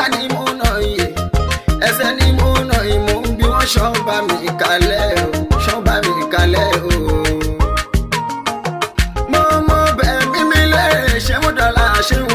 apá ni mo nà yè ẹsẹ̀ ni mo nà ìmú bí wọ́n ṣọ́ba mi kalẹ̀ o ṣọ́ba mi kalẹ̀ o. mo mọ bẹ́ẹ̀ mímí lẹ́rẹ̀ ṣé mo dọ̀la ṣé mo.